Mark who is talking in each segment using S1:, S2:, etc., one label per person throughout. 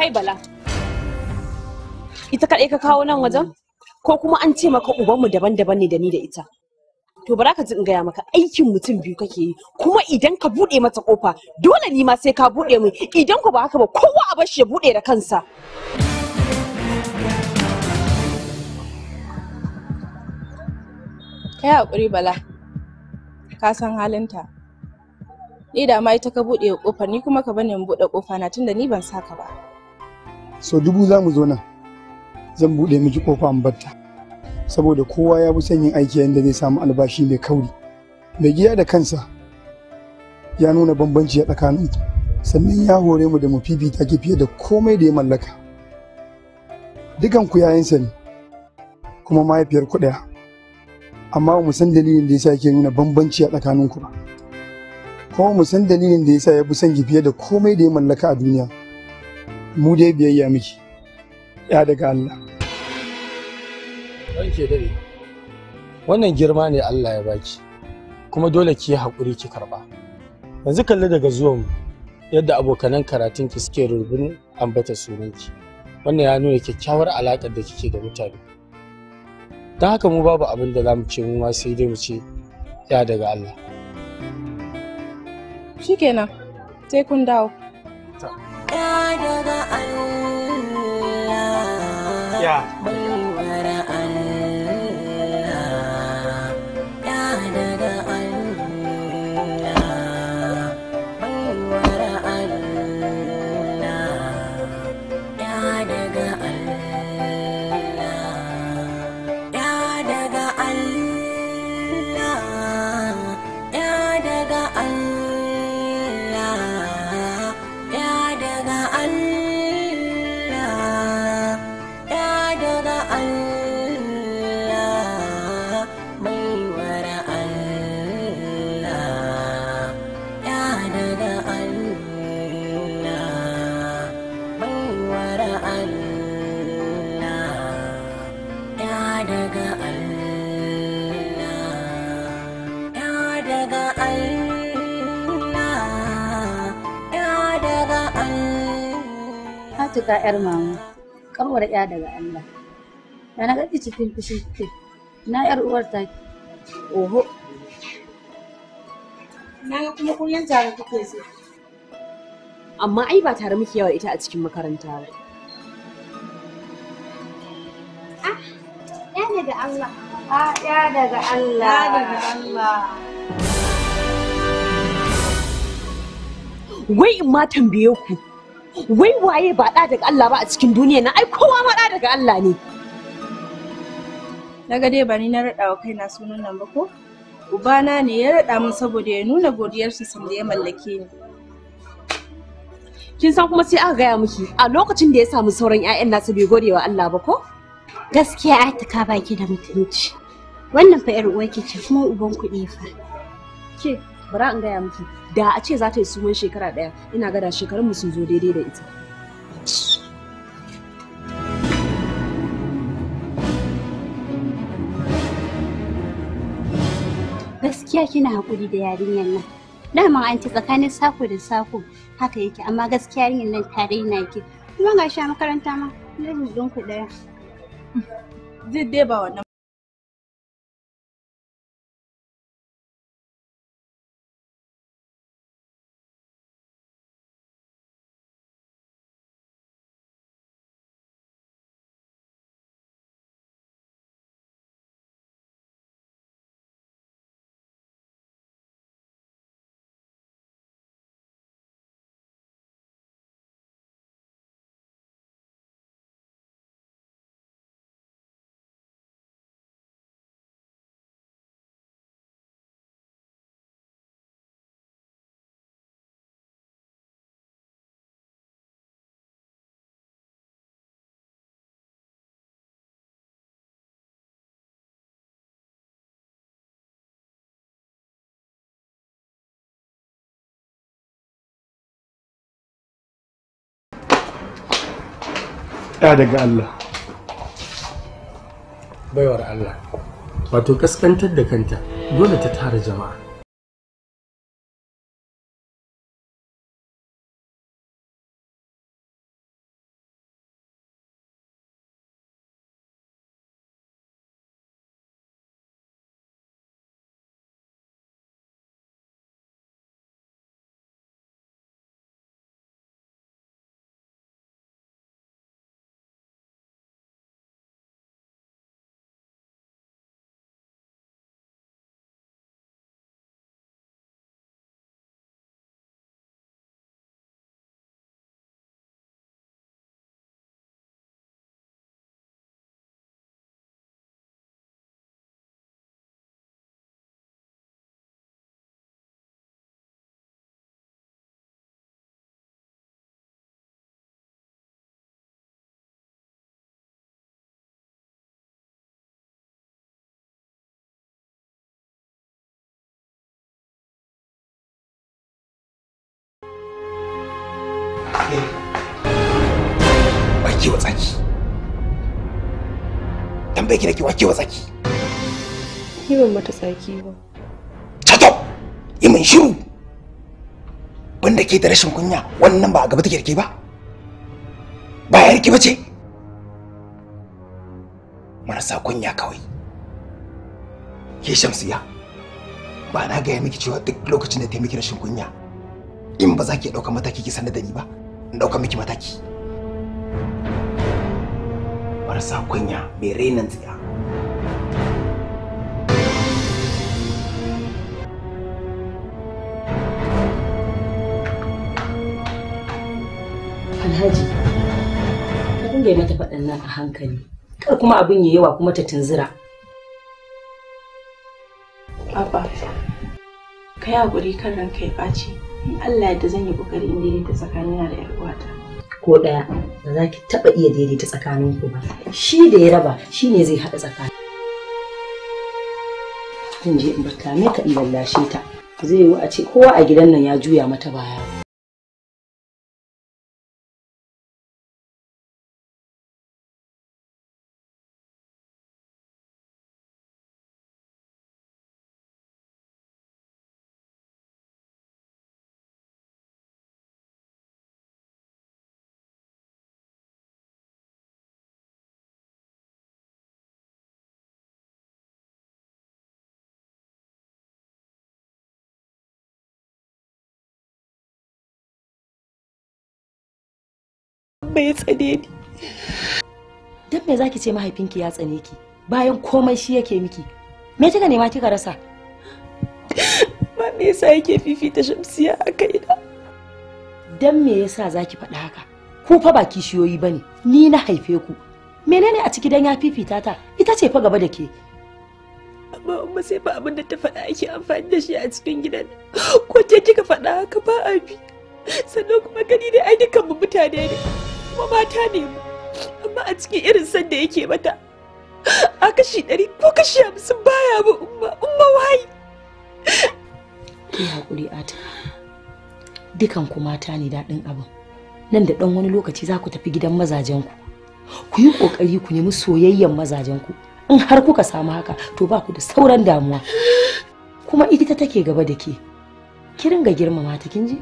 S1: kai bala ita kaɗai ka kawo nan wajen ko kuma an ce maka mu daban-daban ne da ni da ita to bara ka ji in gaya maka aikin mutum biyu kake yi kuma idan ka buɗe mata kofa dole ni ma sai ka buɗe min idan ku ba haka ba kowa a bashi ya buɗe da kansa
S2: kai hakuri bala ka san halinta ni da ma ita ka buɗe kofa ni kuma ka bani in buɗe kofa na tunda ni ban saka ba
S3: so dubu za mu zo nan zan buɗe miki kofa in batta saboda kowa ya fi son yin aiki yadda zai samu albashi mai kauri mai giya da kansa ya nuna bambanci a tsakanin sannan ya hore mu da mu fifita ki fiye da komai da ya mallaka dukan ku yayansa ne kuma mahaifiyar ku ɗaya amma mu san dalilin da yasa yake nuna bambanci a tsakanin ku ba kuma mu san dalilin da yasa ya fi son ki fiye da komai da ya mallaka a duniya mu dai biyayya miki ya daga Allah ranke dare wannan
S4: girma ne Allah ya baki kuma dole ki haƙuri ki karɓa yanzu kalli daga zuwan yadda abokanan karatun ki suke rubin ambata sunanki wannan ya nuna kyakkyawar alaƙar da kike da mutane don haka mu babu abin da zamu ce mu ma sai dai mu ce ya daga Allah
S2: shikenan sai kun dawo ya daga
S5: Allah.
S6: matuƙa 'yar mama ƙanwar 'ya daga Allah da na gaɗi cikin fushi ke na 'yar uwar ta
S1: oho na ga kuma kullum tare kuke so amma ai ba tare muke yawa ita a cikin makaranta ba
S2: ya ah, daga Allah ya daga Allah ya daga Allah
S1: wai in ma tambaye ku wai waye ba ɗa daga Allah ba a cikin duniya na ai kowa ma ɗa daga Allah ne
S2: na ga dai ba na raɗa wa kaina sunan nan ba ko ubana ne ya raɗa min saboda ya nuna godiyarsa sanda ya mallake ni
S1: kin san kuma sai aka gaya miki a lokacin da ya samu sauran 'ya'yan nasa bai gode wa Allah ba ko gaskiya ka baki da mutunci wannan fa 'yar ke ce kuma uban kuɗi fa ke bara in gaya miki da a ce za ta yi suman shekara ɗaya ina gada shekarun mu sun zo daidai da ita gaskiya kina haƙuri da yarinyar nan dama an ci tsakanin sako da sako haka yake amma gaskiya yarinyar nan tare na ke kuma ga a makaranta ma
S2: zai ku ɗaya zai dai ba wannan
S4: ya daga Allah
S5: baiwar Allah
S4: wato kaskantar
S6: da kanta dole ta tara jama'a
S5: kiwa tsaki
S3: dan ki nake kiwa kiwa tsaki
S1: ni ban mata tsaki ba
S3: shut yi mun shiru banda ke da rashin kunya wannan ba a gaba take rike ba ba ya rike bace marasa kunya kawai ke shamsiya ba na gaya miki cewa duk lokacin da ta miki rashin kunya in ba za ki ɗauka mataki ki sanar da ni ba in ɗauka miki mataki Marasa kunya mai renin tsiya.
S6: Alhaji, abin mata faɗin nan a hankali, kar kuma abin ya yawa kuma ta tunzura.
S2: Baba, ka yi haƙuri kan ranka ya ɓaci, Allah yadda zan yi ƙoƙari inda daidaita tsakanina da 'yar uwata.
S6: ko ɗaya ba za ki taɓa iya daidaita tsakanin ku ba shi da ya raba shi ne zai haɗa tsakani. kun je in barka ka iya lallashe ta zai yi a ce kowa a gidan nan ya juya mata baya abba ya tsane ni dan me zaki ce mahaifinki ya tsane ki bayan komai shi yake miki me kika nema kika rasa
S1: ba me yasa yake fifita shamsiya a kaina
S6: dan me yasa zaki faɗi haka ku fa ba kishiyoyi bane ni na haife ku menene a ciki dan ya fifita ta ita ce fa gaba da ke
S1: amma amma sai ba abin da ta faɗa ake amfani da shi a cikin gidan ko ce kika faɗa haka ba abi sannan kuma gani da ai dukkan mutane ne kuma mata ne mu amma a cikin irin san da yake mata a kashi ɗari ko kashi hamsin baya ba umma umma wai
S6: ki haƙuri ata dukan ku mata ne daɗin abin nan da ɗan wani lokaci za ku tafi gidan mazajen ku ku yi ƙoƙari ku nemi soyayyen mazajen ku in har kuka samu haka to ba ku da sauran damuwa kuma ita take gaba da ke ki girmama ta kin ji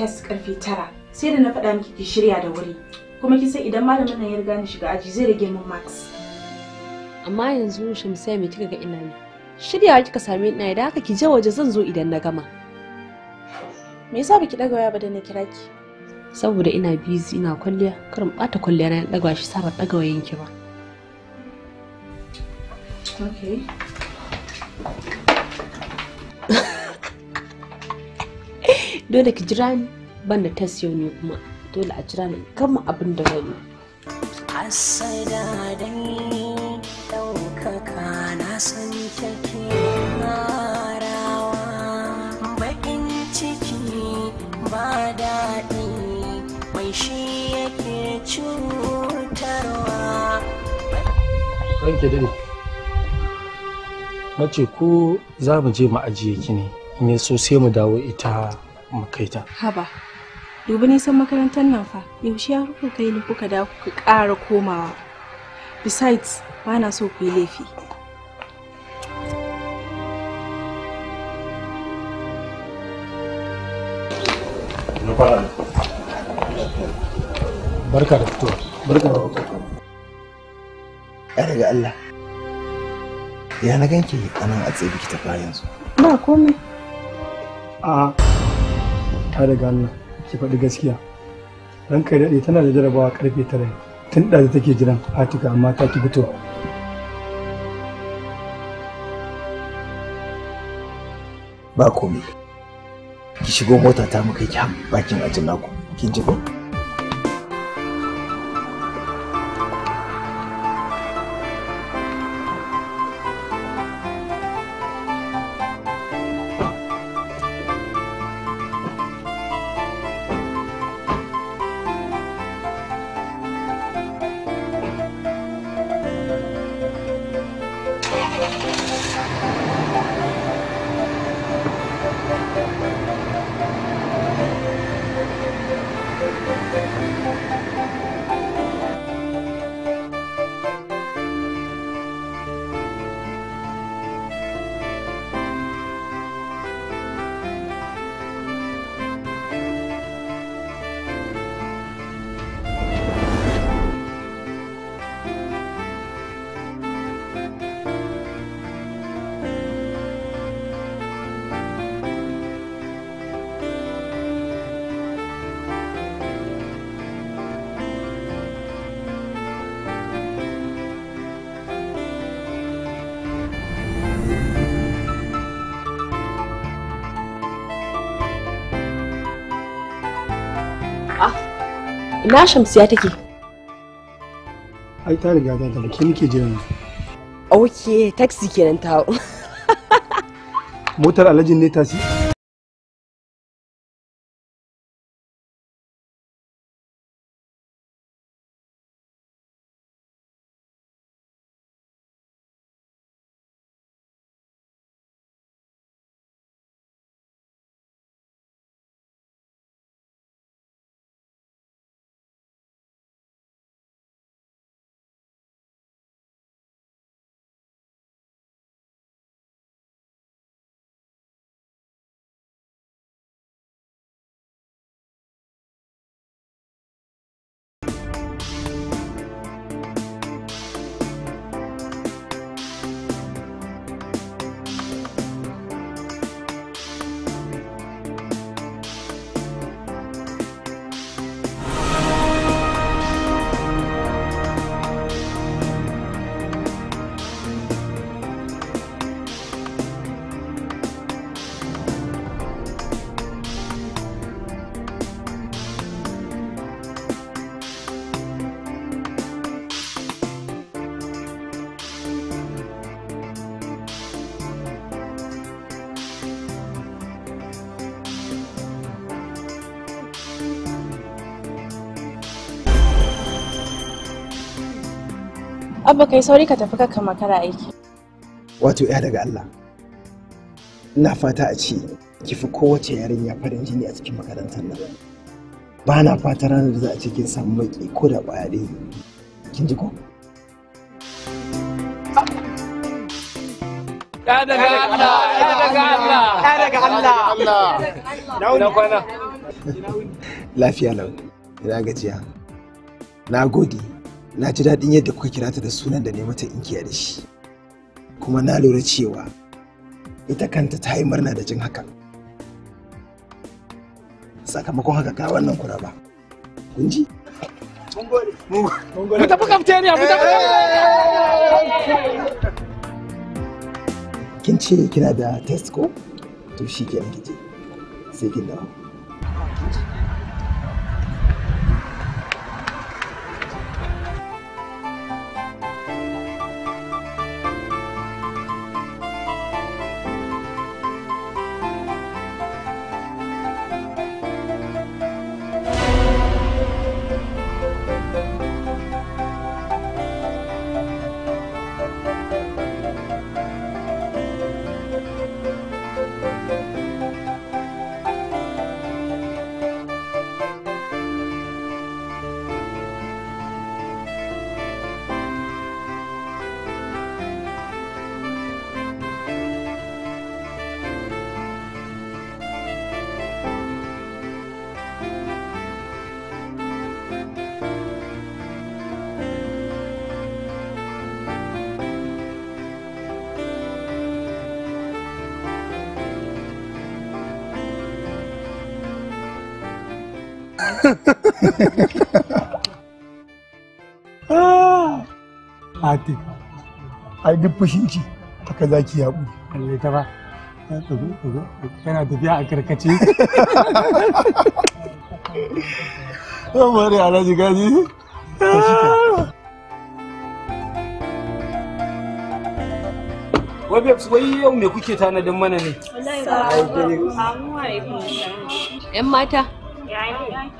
S2: test karfe tara sai da na faɗa miki ki shirya da wuri kuma ki san idan malamin nan ya riga ni shiga aji zai rage
S1: min marks amma yanzu shamsiya mai kika ga ina ne shiryawa kika same ni idan haka ki je waje zan zo idan na gama me yasa baki daga waya ba da na kira ki saboda ina busy ina kwalliya karin bata kwalliya na daga shi saba daga ki ba okay dole ki jira ni ban da tasiyo ne kuma dole a jira ni gama abin da zan yi
S5: asada dan ɗaukaka na san take marawa bakin ciki ba daɗi mai shi yake cutarwa ranke dai
S4: mace ko za mu je mu ajiye ki ne in ya sai mu dawo ita makaita.
S2: haba dubi nisan makarantar nan fa yaushe ya kuka kai ni kuka dawo kuka ƙara komawa besides ba na so ku yi laifi
S3: barka da fito. barka da fito. ya daga Allah ya na ganki a nan a tsaye biki ta fara yanzu
S4: ba komai a ta daga Allah ki faɗi gaskiya ranka ya daɗe tana da jarabawa ƙarfe tara tun ta take jiran fatika
S3: amma ta ki fito. ba komai ki shigo mota ta mu kai ki bakin ajin naku kin ji ko ina shamsiya take ai ta riga ta tafi ke muke jira
S1: ok taxi kenan ta
S3: motar alhajin ne tasi
S2: abba kai sauri ka tafi kakka makara aiki
S3: wato ya daga Allah ina fata a ce ki fi kowace yarinya farin jini a cikin makarantar nan ba na fata ranar da za a ce kin samu baki ko da baya ɗaya kin ji ko
S7: Ya daga Allah,
S4: ya daga Allah, ya daga Allah. Na
S5: kwana.
S3: Lafiya lau, ina gajiya. Na gode. na ji daɗin yadda kuka kira ta da sunan da ne mata inkiya da shi kuma na lura cewa ita kanta ta yi murna da jin hakan sakamakon haka ga wannan ba, kun ji kin ce kina da test ko to shi ke sai kin dawo
S5: Ah!
S3: Ati. Ai duk fushin ci haka zaki ya bu. Kalle ta ba.
S4: Tana tafiya a karkace. Amare Alhaji Gaji. wai yau me kuke tanadin mana ne? Wallahi
S1: ba. mata.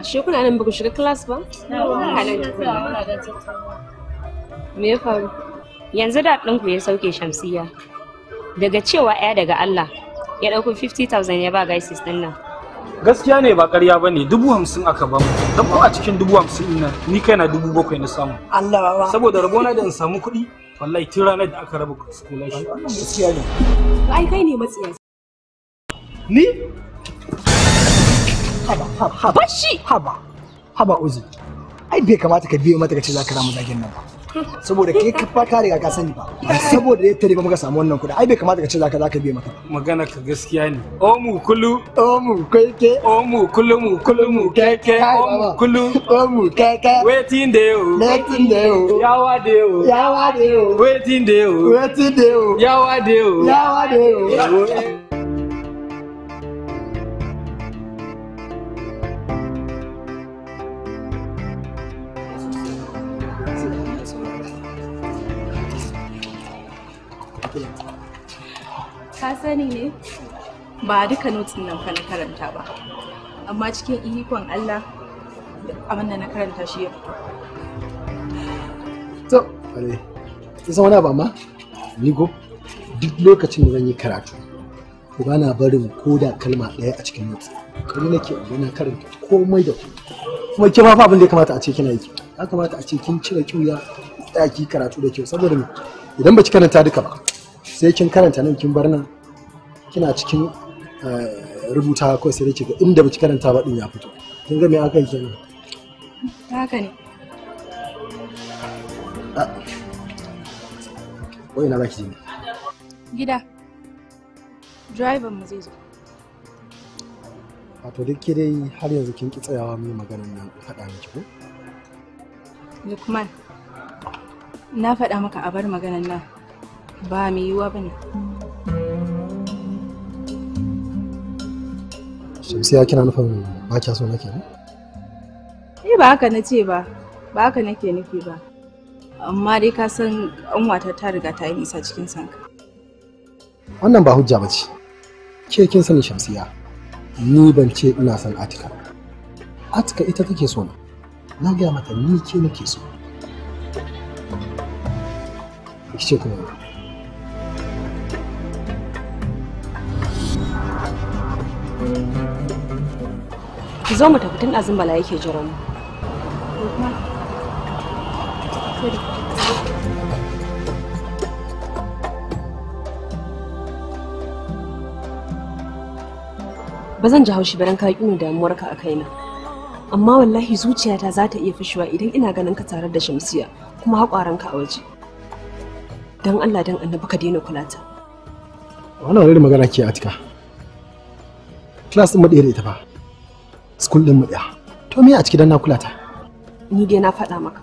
S1: ashe kuna nan baka shiga class ba me ya faru yanzu da ɗinku ya sauke shamsiya daga cewa ɗaya daga Allah ya ɗauko 50,000 ya ba gaisis ɗin nan
S4: gaskiya ne ba ƙarya ba ne dubu hamsin aka ba mu don ko a cikin dubu hamsin ina ni kai na dubu bakwai na samu Allah baba saboda rabona da in samu kuɗi wallahi tun ranar da aka raba scholarship gaskiya ne
S1: ai kai ne matsiya
S3: ni haba haba haba shi haba haba uzi ai bai kamata ka biyo mata ka ce za ka ramu zagin nan ba saboda kai ka fa ka riga ka sani ba saboda ya tare ba muka samu wannan kuɗi ai bai kamata ka ce za ka biyo mata
S4: magana ka gaskiya ne o mu kulu o mu keke o mu kulu mu kulu mu keke o mu kulu o mu keke waiting dey o waiting dey o
S5: yawa dey o yawa dey o
S4: waiting dey o waiting dey o yawa dey o yawa dey o
S2: sani ne ba duka notin nan fa na karanta ba amma cikin ikon Allah abin da na karanta shi ya fito
S5: to
S4: ale isa wani ba ma ni go duk lokacin da zan yi karatu ko ba na barin koda kalma ɗaya a cikin notin kuma nake na karanta komai da kuma ke ma fa abin da ya kamata a ce kina yi ya kamata a ce kin cire kiuya tsaya karatu da kyau saboda idan ba ci karanta duka ba sai kin karanta nan kin bar nan kina cikin eh, rubuta ko sai dai ga inda baki karanta ba din ya fito kin ga me aka yi kenan haka ne ah. wai na baki je
S2: gida driver mu zai zo
S4: wato ah, duk ke dai har yanzu kin ki tsayawa mini maganar nan faɗa miki ko
S2: Lukman na faɗa maka a bar maganar nan ba mai yiwuwa bane
S4: ya kina nufin ba kya so nake ne?
S2: Eh ba haka na ce ba, ba haka nake nufi ba. Amma dai ka san wata ta riga ta yi nisa cikin sanka.
S4: Wannan ba hujja ba ce. Ke kin sani shamsiya, ni ban ce ina son Atika. Atika ita take so na. Na gaya mata ni ke nake so. Ki ce kuma
S1: Thank you. ki zo mu tafi tun azin bala yake jira mu ba zan ji haushi ba baran ka damuwar ka a na. amma wallahi zuciyata za ta iya fashewa idan ina ganin ka tare da shamsiya kuma ka a waje don allah don annabi ka daina kula ta
S4: wannan wani magana ke atika class din maɗaya da ita fa School din mu ɗaya. To me a ciki dan na kula ta?
S1: Ni dai na faɗa maka.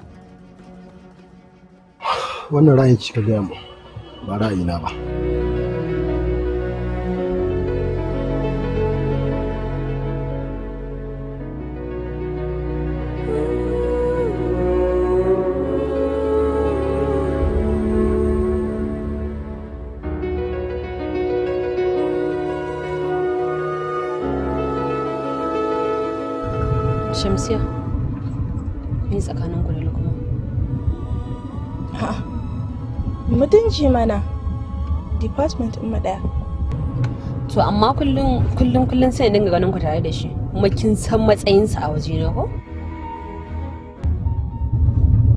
S4: Wannan ra'ayin kika gaya mu ba ra'ayina ba.
S5: Shamsiya, tsakanin ku da Lukman?
S2: A'a,
S1: mutunci mana, department in ɗaya. To amma kullum kullum kullum sai dinga ganin ku tare da shi, kuma kin san matsayinsa a
S2: waje na ko?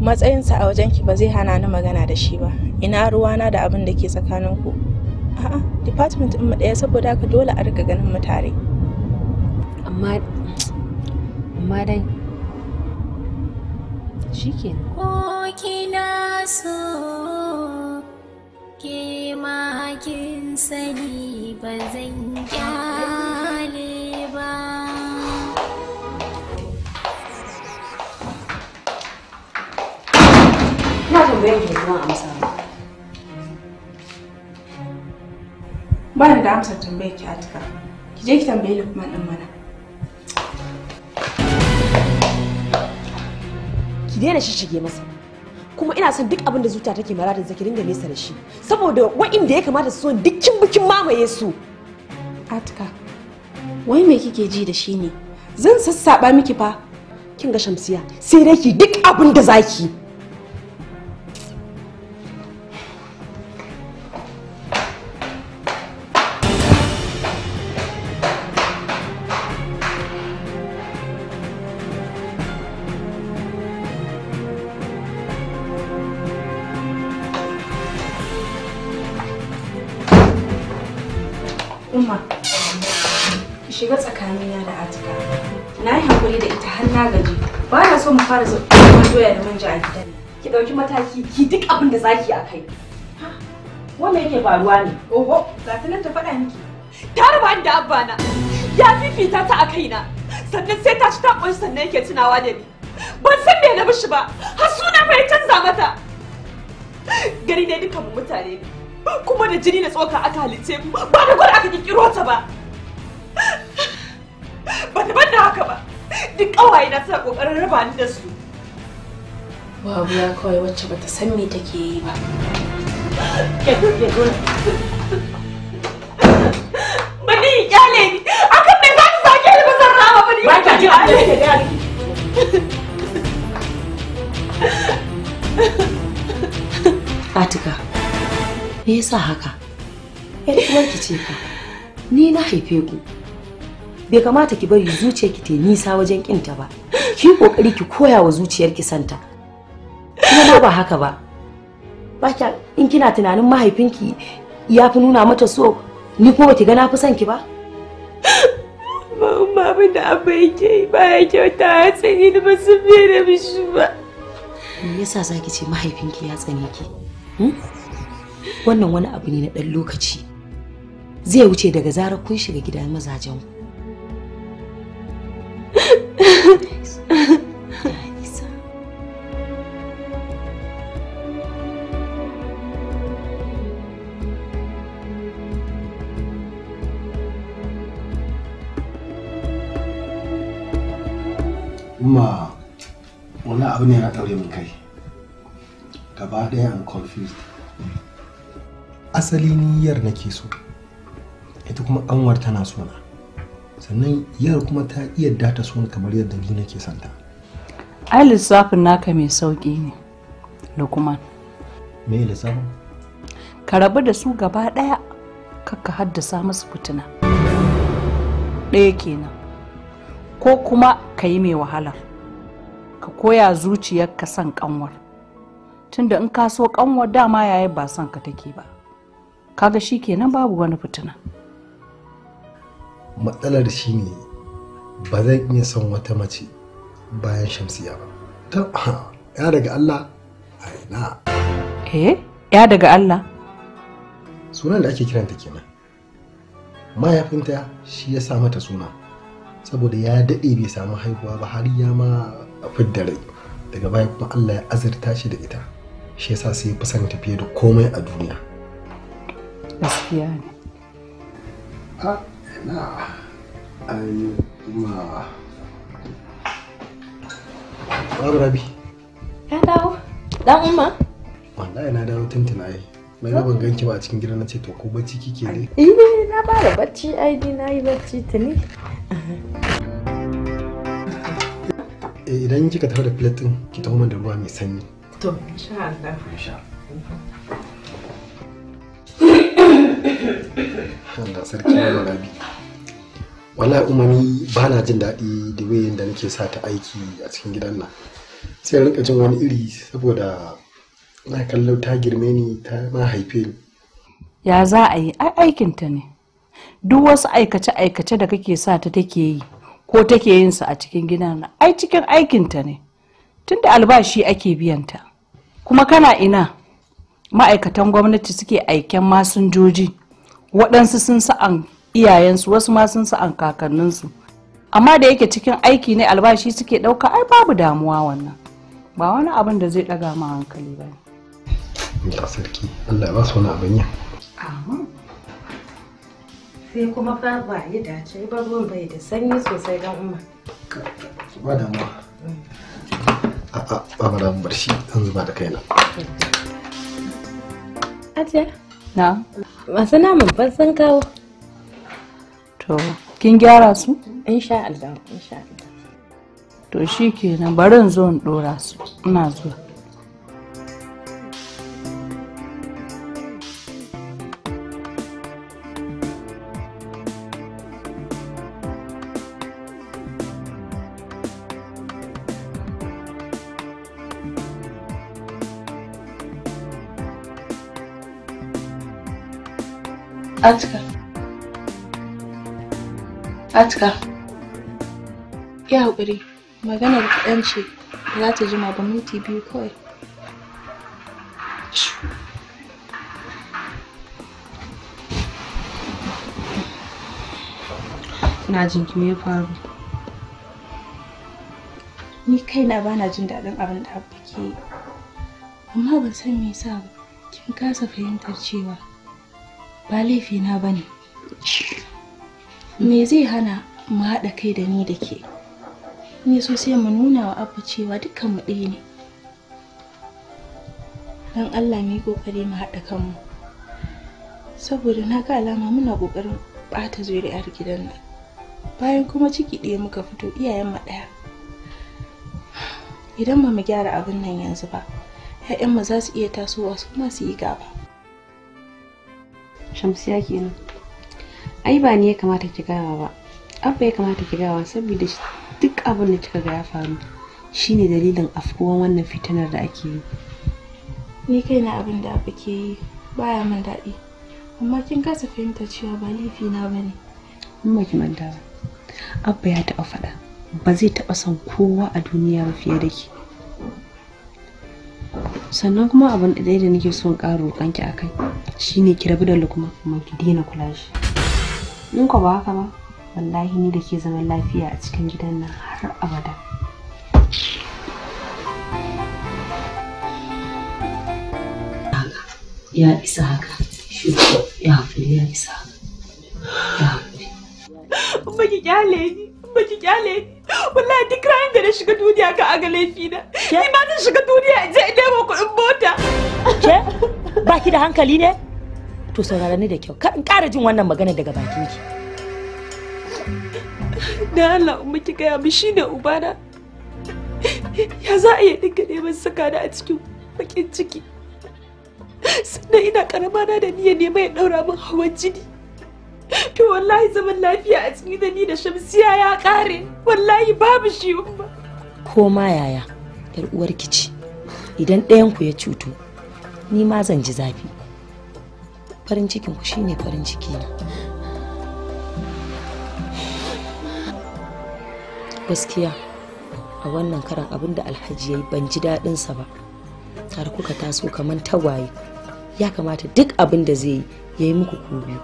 S2: Matsayinsa a wajen ki ba zai hana ni magana da shi ba, ina ruwana da abin da ke tsakanin ku A'a, department in ɗaya saboda ka dole a riga ganin mu tare. Amma
S5: shi ko kina so ke makin sani ba zan kyale ba
S1: na tambayar
S2: ke kuma amsa ba da amsar tambayar ki atika
S1: ki je ki tambayi lukman din mana daina shi shige masa kuma ina son duk abin da zuta take maradin zaki dinga nesa da shi saboda wa'inda ya kamata su so dukkin bikin mamaye su atika wai me kike ji da shi ne zan sassaba miki fa kin ga shamsiya sai dai ki duk abin da zaki saki a kai. Wa me yake faruwa ne? Oho,
S2: ga ta nan ta faɗa miki.
S1: Ta da abba na. Ya fifita ta a na. Sannan sai ta ci ta ƙunshi sannan yake tunawa da ni. Ban san me na mishi ba. Har suna mai canza mata. Gari ne dukan mutane ne. Kuma da jini na tsoka aka halice mu. Ba da gwada aka kirkiro ta ba. Ba ta da haka ba. Duk ƙawaye na suna ƙoƙarin raba ni da su.
S2: ya kawai wacce bata san me take
S1: yi ba bani kyale ni akan me za ta
S6: sake ni ba zan rama bani ba Fatika, me yasa haka? ‘Yar uwarki ce ka, ni na haife ku, bai kamata ki bari zuciyarki ta nisa wajen kinta ba ki ƙoƙari ki koya wa zuciyarki santa kuma ba haka ba baka in kina tunanin mahaifinki ya fi nuna mata so ni kuma baki ga na fi son ki ba
S1: Mamma abin da abba yake ba ya kyauta ya tsani da ba su fiye da mishi ba.
S6: Me yasa za ki ce mahaifinki ya tsane ki? Hmm? Wannan wani abu ne na ɗan lokaci. Zai wuce daga zarar kun shiga gidan mazajen ku.
S4: abu ne na min kai gaba ɗaya am confused asali niyyar nake so ita kuma anwar tana so na sannan yar kuma ta iya data so kamar yadda ni nake santa
S7: ai lissafin naka mai sauki ne lukuman. me lissafin ka rabu da su gaba ɗaya kakka haddasa musu fitina ɗaya kenan ko kuma ka yi mai wahala. ka koya ka son kanwar tunda in ka so kanwar dama yayi ba son ka take ba kaga shi kenan babu wani fitina
S4: matsalar shi ne ba zan iya son wata mace bayan shamsiya ba
S7: ta ya daga allah a ina eh ya daga allah
S4: sunan da ake kiranta kenan mahaifinta shi ya sa mata suna saboda ya daɗe bai samu haihuwa ba har ya ma a fidda rai daga baya kuma Allah ya azurta shi da ita shi yasa sai fi son tafiye da komai a duniya
S5: gaskiya ne a ina
S3: ai
S4: ma Babu Rabi.
S5: Ya dawo. Dan Umma.
S4: Wallahi na dawo tuntuna ai. Mai na ban ki ba a cikin gida na ce to ko bacci kike ne?
S2: Eh na fara bacci ai na yi bacci tuni.
S4: Eh, idan kika tafi da plate din ki taho da ruwa mai sanyi
S2: to insha Allah insha
S4: Allah sarki na rabi wallahi umami ba na jin daɗi da wayin da nake sa ta aiki a cikin gidan nan sai rinka jin wani iri saboda na kallon ta girme ni ta ma haife ni
S7: ya za a yi ai aikinta ne duk wasu aikace-aikace da kake sa ta take yi ko take yin su a cikin gidan nan ai cikin aikinta ne tunda albashi ake biyanta kuma kana ina ma'aikatan gwamnati suke aiken masinjoji waɗansu sun sa'an iyayensu wasu ma sun sa'an kakanninsu amma da yake cikin aiki ne albashi suke ɗauka ai babu damuwa wannan ba wani abin da zai ɗaga ma hankali ba
S4: ne. sarki Allah ya ba su wani abin yin.
S7: Amin.
S2: sai kuma fa ba yi dace ba ruwan bai da sanyi sosai dan umma
S4: ba da mu a'a ba ma da bar shi zan zuba da kaina
S2: aje na masu naman ban san kawo
S7: to kin gyara su insha Allah insha Allah to shikenan bari in zo in dora su ina zuwa Atika.
S2: Atika. Ya haƙuri, maganar kaɗan ce za ta jima da minti biyu kawai. Ina jin ki faru? Ni kaina ba na jin daɗin abin da abu yi. Amma ban san me yasa kin kasa fahimtar cewa ba laifina ba ne me zai hana mu haɗa kai da ni da ke ni so sai mu nuna wa abu cewa dukkan mu ɗaya ne don allah mu yi ƙoƙari mu haɗa kanmu saboda na ga alama muna ƙoƙarin ɓata zuri'ar gidan nan bayan kuma ciki ɗaya muka fito iyayen mu ɗaya idan ba mu gyara abin nan yanzu ba 'ya'yanmu za su iya tasowa
S1: su ma su yi gaba shamsiya kenan ai ba ni ya kamata ki gaya ba abba ya kamata ki gaya saboda duk abin da kika ga ya faru shine dalilin afkuwan wannan fitinar da ake yi
S2: ni kaina abin da abba ke yi baya min daɗi amma kin kasa fahimta cewa ba laifi na
S1: bane in ba ki manta ba abba ya taɓa faɗa ba zai taɓa son kowa a duniya ba fiye da ke. sannan kuma abin da da nake son karo kanki a kai shine ki rabu da lukuma kuma ki daina kula shi in ko ba haka ba wallahi ni da ke zaman lafiya a cikin gidan nan har abada
S6: ya isa haka shi ya haƙuri ya isa haka
S1: ya haƙuri ba ki kyale ni ba ki kyale ni wallahi duk ranar da na shiga duniya ka aga laifi na ni ma zan shiga duniya in je in nemo kuɗin mota ke baki da hankali ne
S6: to saurara ni da kyau ka in ƙara jin wannan magana daga bakin ki
S1: da Allah umma ki gaya mi shine ubana ya za a iya dinga neman saka a cikin bakin ciki sannan ina karama da niyan neman ya daura min hawan jini to wallahi zaman lafiya a cikin da ni da shamsiya ya kare wallahi babu shi umma
S6: ko ma yaya yar uwarki ce idan ɗayan ku ya cuto ni ma zan ji zafi farin cikin ku shine farin ciki na gaskiya a wannan karan abin da alhaji ya ban ji sa ba har kuka taso kamar tagwaye ya kamata duk abin da zai yi ya yi muku ku biyu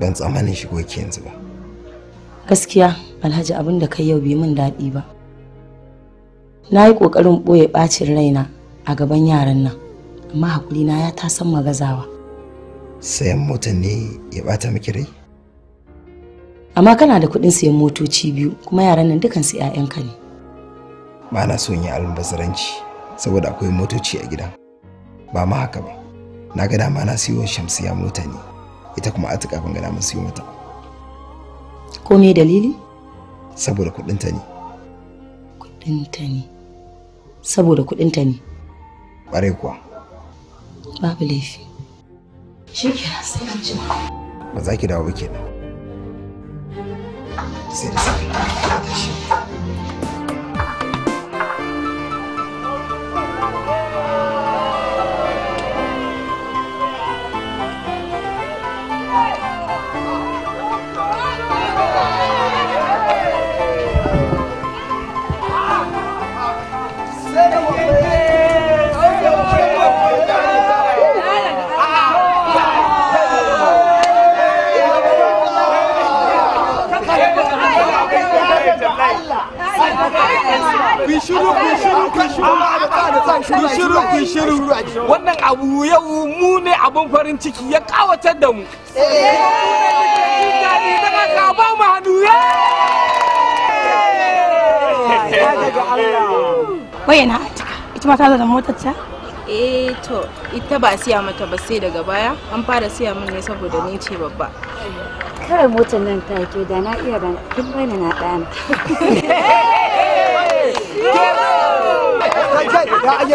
S3: ban tsammanin shigo ki yanzu ba.
S6: Gaskiya Alhaji abin da kai yau bai min daɗi ba. Na yi ƙoƙarin ɓoye ɓacin raina a gaban yaran nan, amma haƙuri na ya tasan magazawa.
S3: Sayan mota ne ya ɓata miki rai?
S6: amma kana da kuɗin siyan motoci biyu kuma yaran nan dukansu 'ya'yanka ne
S3: ba na son yi almubazzaranci saboda akwai motoci a gidan ba ma haka ba na ga dama na siyo shamsiya mota ne ita kuma a tuka bangana mun siyo mata
S6: ko me dalili
S3: saboda kuɗinta ne
S6: kuɗinta ne saboda kuɗinta ne ƙwarai kuwa babu laifi shi sai an
S3: ba za ki dawo ba kenan Citizen.
S5: shiru ku shiru wannan
S1: abu
S4: yau mu ne abun farin ciki ya kawatar da mu
S5: ba mu hannu
S2: wayan hata ita ma ta da motar ta eh to ita ba siya mata ba sai daga baya an fara siya min ne saboda ni ce babba
S5: kawai motar nan ta ke da na iya da kin bayyana na ɗana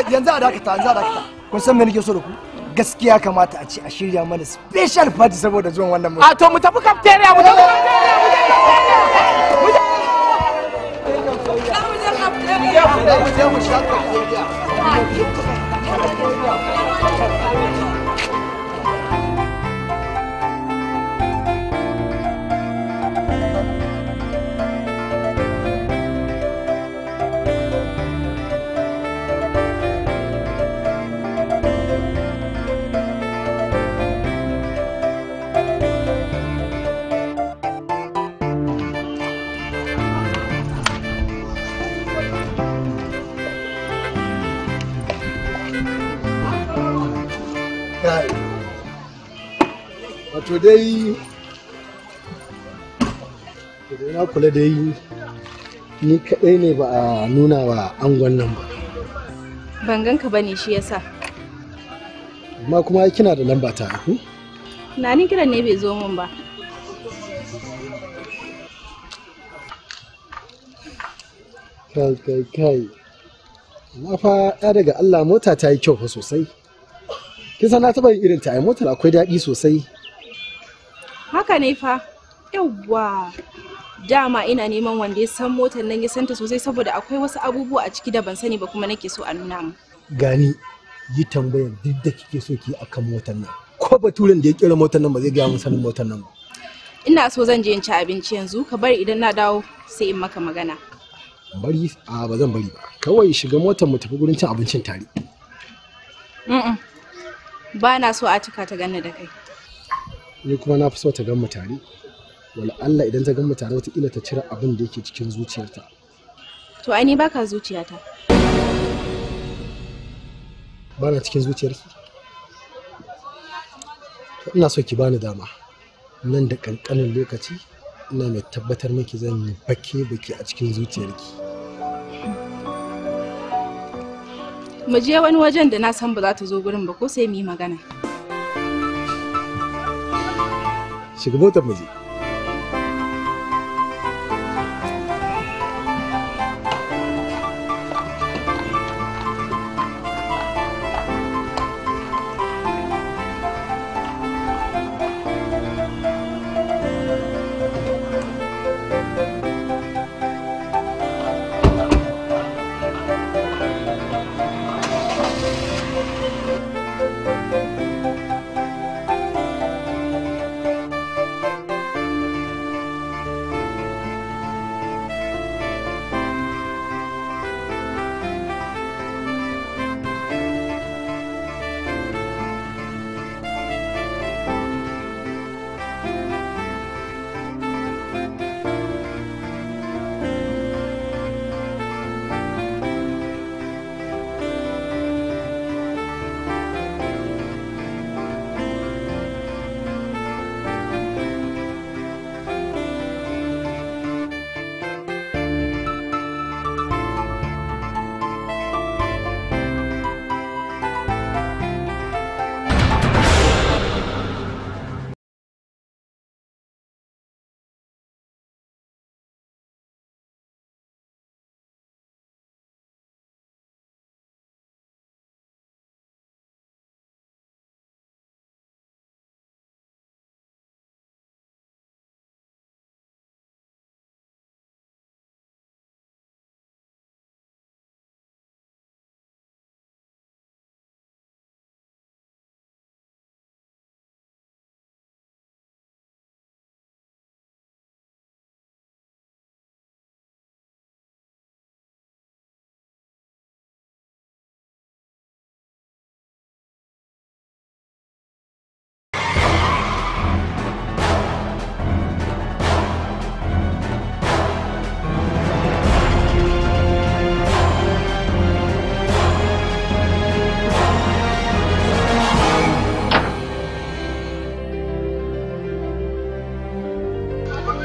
S3: yanzu a dakata yanzu a dakata kun san me nake so da ku gaskiya kamata a ce a shirya mana special party saboda zuwan wannan mutum. A to mu tafi cafeteria mu tafi cafeteria mu
S5: tafi cafeteria. Mu tafi cafeteria.
S4: wato dai na kula da yi ni kaɗai ne ba a nuna wa angon nan ba
S2: ban ganka ba ne shi yasa
S4: amma kuma kina da lamba ta ku hmm?
S2: na ni kiran ne bai zo min ba
S4: kai kai kai amma fa ya daga Allah mota ta yi kyau fa sosai kin san na taɓa yin irin ta ai motar akwai daɗi sosai
S2: haka ne fa yawwa dama ina neman wanda ya san motar nan ya santa sosai saboda akwai wasu abubuwa a ciki da ban sani ba kuma nake so a nuna mu
S4: gani yi tambayar duk da kike so ki akan motar nan ko baturen da ya kira motar nan ba zai gaya mun sanin motar nan ba
S2: ina so zan je in ci abinci yanzu ka bari idan na dawo sai in maka magana
S4: bari a ba zan bari ba kawai shiga motar mu tafi gurin cin abincin tare
S2: ba na so a cika ta ganna da kai
S4: ni kuma na fi so ta gan tare wala Allah idan ta gan mu wata wataƙila ta cire abin da yake cikin zuciyarta
S2: to ai ni baka zuciyata
S4: bana cikin zuciyarki ina so ki bani dama nan da kankanin lokaci ina mai tabbatar miki zan yi bake bake a cikin zuciyarki
S2: mu je wani wajen da na san ba za ta zo gurin ba ko sai mu yi magana
S4: שיגבו את המזיק.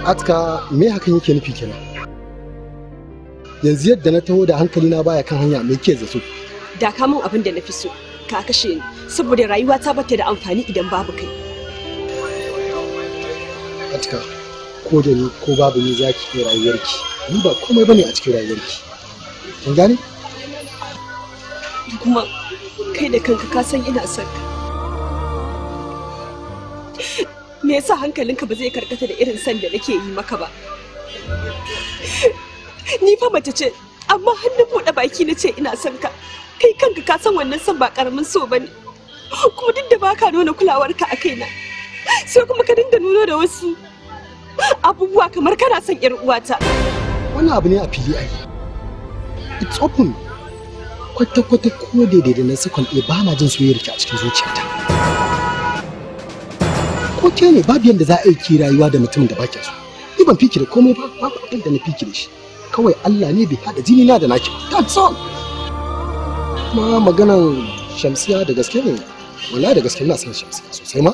S4: atka me hakan yake nufi kenan yanzu yadda na taho da hankali na baya kan hanya me ke zato
S1: da ka min abin da na fi so ka kashe ni saboda rayuwa ta bata da amfani idan babu kai
S4: atka ko da ni ko babu ni zaki ke rayuwarki ni ba komai bane a cikin rayuwarki kin gane
S1: kuma kai da kanka ka san ina son me yasa hankalinka ba zai karkata da irin san da nake yi maka ba ni fa mace ce amma hannun bude buɗe baki na ce ina son ka kai kanka ka san wannan son ba karamin so ba ne kuma duk da baka nuna kulawarka a kaina sai kuma ka dinga nuno da wasu abubuwa kamar kana son yar uwata
S4: wani abu ne a fili yi it's open kwata-kwata ko daidai da na sakon ɗaya ba na jin soyayyar ki a cikin zuciyata ko ne babu yadda za a yi rayuwa da mutum da ba so ni ban fiki da komai ba babu abin da na fiki da shi kawai Allah ne bai hada jini na da naki that's all kuma maganar shamsiya da gaske ne wallahi da gaske na san shamsiya sosai ma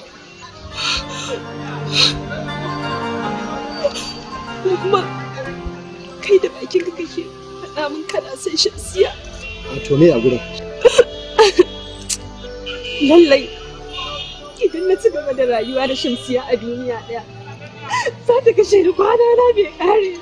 S1: kuma kai da bakin ka kake faɗa min kana san shamsiya to me a gurin lallai ciki idan na ci gaba da rayuwa da shamsiya a duniya ɗaya za ta kashe ni kwana na bai ƙare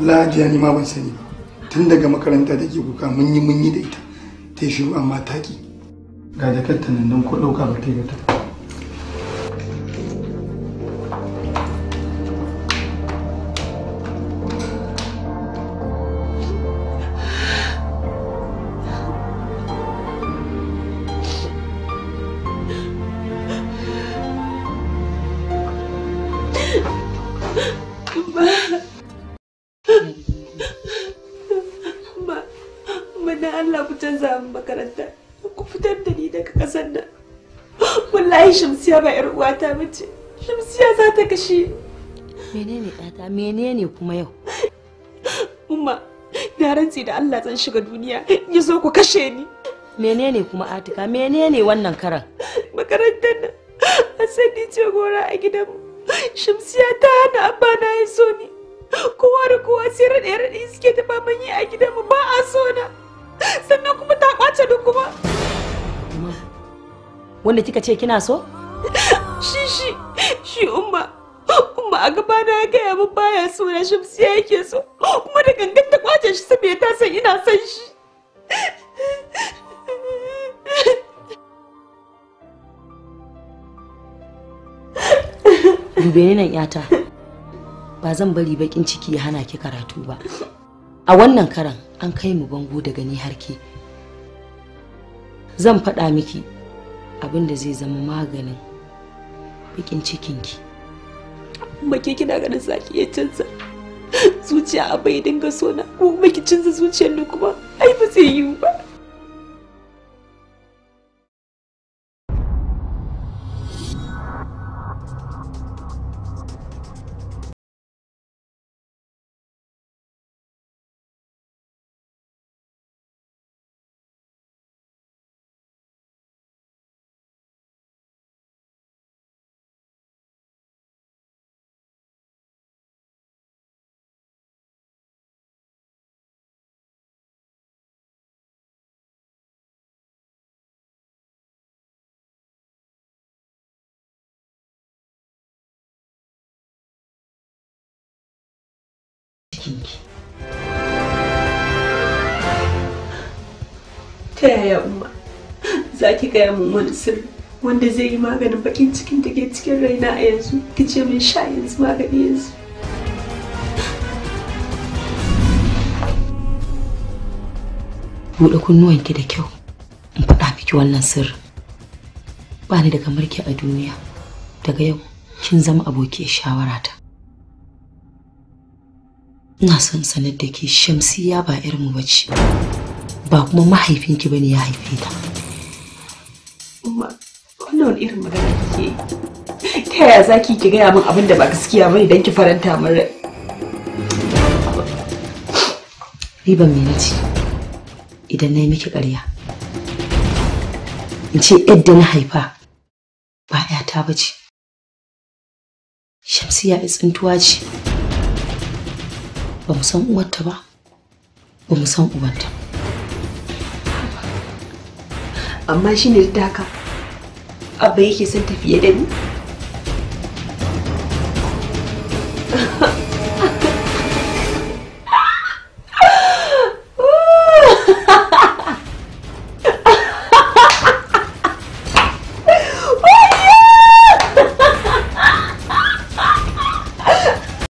S3: lajiya ni ma ban sani ba tun daga makaranta take kuka mun yi mun yi da ita ta shiru amma taki ga jakarta nan don ko ɗauka ba ta yi ta
S1: kashi
S6: menene ɗata menene kuma yau umma na rantse da Allah zan shiga duniya ya zo ku kashe ni menene kuma atika menene wannan karan makarantar
S1: nan asali ce gora a gidanmu shamsiya ta hana abba na ya so ni kowa da kowa sai raɗe raɗe suke ta faman yi a gidanmu ba a so na sannan kuma ta kwace duk kuma
S6: wanda kika ce kina so
S1: shi shi shi umma kuma a gaba na ya gaya min baya so na shamsiya yake so kuma da gangan ta kwace shi saboda ta san ina son shi
S6: Dube ni nan yata ba zan bari bakin ciki ya hana ki karatu ba a wannan karan an kai mu bango daga ni harke zan faɗa miki abin da zai zama maganin bakin cikinki
S1: kuma ke kina ganin zaki ya canza zuciya a bai dinga sona ko ki canza zuciyar ni kuma ai ba zai yiwu ba cikinki ta yaya umma za ki gaya min wani sirri wanda zai yi maganin bakin cikin da ke cikin raina a yanzu ki ce min sha yanzu magani yanzu
S6: buɗe kunnuwanki da kyau in faɗa miki wannan sirri ba ni da kamar a duniya daga yau kin zama abokiyar shawarata ina son sanar da ke shamsiya ba ba ce, ba kuma mahaifinki bane ya haife ta
S1: wannan irin magana kike ta yaya zaki ki gaya min abin da ba gaskiya bane dan ki faranta min rai
S6: riban me nace idan na yi miki ƙarya in ce yadda na haifa ba 'yata ba ce shamsiya tsintuwa ce ba mu san uwarta ba ba mu san ubanta
S1: amma shi ne da haka abba yake son tafiye da ni